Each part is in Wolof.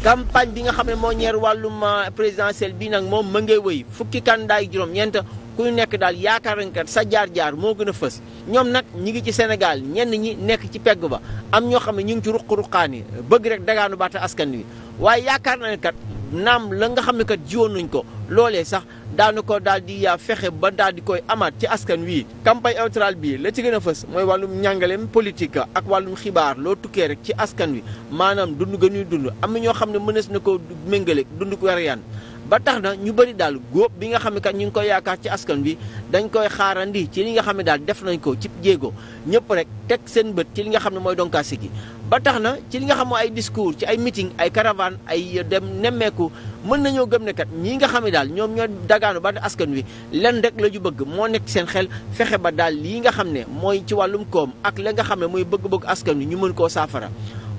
campagne bi nga xam ne moo ñeer wàllum euh, présidentiel bi nag moom ma ngay wëy fukki kandaay juróom ñeent kuy nekk daal yaakaarkat sa jaar-jaar moo gën a fës ñoom nag ñi ngi ci Sénégal ñenn ñi nekk ci pegg ba am ñoo xam ne ñu ngi ci ruq-ruqaan bëgg rek dagaanu baata askan wi waaye yaakaar na ne kat naam la nga xam ne kat jiwoon nañ ko loolee sax daanu ko daal di yaa fexe ba daal di koy amaat ci askan wi. campagne électorale bi la ci gën a fës mooy wàllum ñàngaleem politique ak wàllum xibaar loo tukkee rek ci askan wi maanaam dund gënuy dund am na ñoo xam ne mënees na ko méngale dund ko yarayaan ba tax na ñu bëri daal góob bi nga xam ne kat ñu ngi koy yaakaar ci askan bi dañ koy xaarandi ci li nga xam ne daal def nañ ko ci jéego ñëpp rek teg seen bët ci li nga xam ne mooy donkaasi gi ba tax na ci li nga xam ay discours ci ay mitin ay caravane ay dem nemmeeku mën nañoo gëm ne kat ñii nga xam daal ñoom ñoo dagaanu ba askan wi lenn rek la ñu bëgg moo nekk seen xel fexe ba daal lii nga xam ne mooy ci wàllum koom ak la nga xam ne mooy bëgg-bëgg askan wi ñu mën koo saafara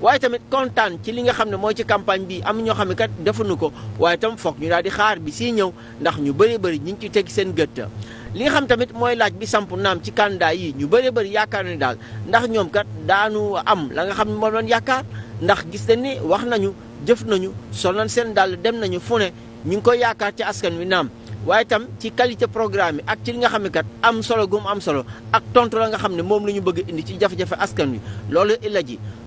waaye tamit kontaan ci li nga xam ne mooy ci campagne bi am ñoo xam ne kat defuñu ko waaye tam foog ñu daal di xaar bi si ñëw ndax ñu bëri bëri ñu ngi ci teg seen gët. li nga xam tamit mooy laaj bi samp naam ci candidat yi ñu bëree bëri yaakaar ne daal ndax ñoom kat daanu am la nga xam ne moom lañ yaakaar ndax gis nañ ni wax nañu jëf nañu sol nañ seen dàll dem nañu fu ne ñu ngi koy yaakaar ci askan wi naam. waaye tam ci qualité programme yi ak ci li nga xam kat am solo gum am solo ak tontu la nga xam ne moom la ñu bëgg indi ci jafe-jafe askan wi loolu illa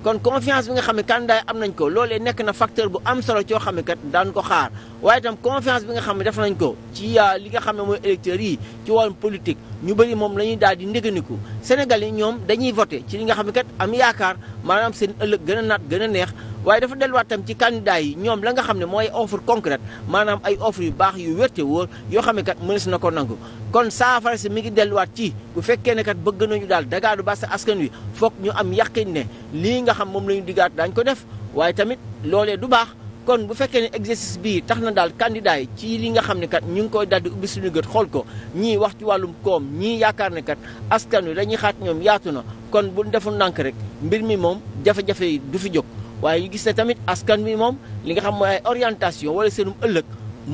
kon confiance bi nga xam ne candidat yi am nañ ko loolee nekk na facteur bu am solo coo xam ne kat daan ko xaar waaye tam confiance bi nga xam ne def nañ ko ci euh, li nga xam ne mooy électeurs yi ci wàllum politique ñu bëri moom la ñuy daal di ndéganiku Sénégal yi ñoom dañuy voté ci li nga xam ne kat am yaakaar maanaam seen ëllëg gën a naat gën a neex waaye dafa delluwaat tam ci candidat yi ñoom la nga xam ne mooy offre concrète maanaam ay offre yu baax yu wérte wóor yoo xam ne kat mënees na ko nangu kon saafara si mi ngi delluwaat ci bu fekkee ne kat bëgg nañu daal dagaadu ba sa askan wi foog ñu am yàqin ne lii nga xam moom la ñu digaat daañ ko def waaye tamit loolee du baax kon bu fekkee ne exercice bii tax na daal candidat yi ci li nga xam ne kat ñu ngi koy daldi ubbi suñu gët xool ko ñii wax ci wàllum koom ñii yaakaar askan wi la ñuy xaat ñoom yaatu na kon bu deful ndànk rek mbir mi moom jafe-jafe yi fi jóg waaye ñu gis ne tamit askan wi moom li nga xam mooy ay orientation wala seenum ëllëg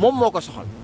moom moo ko soxal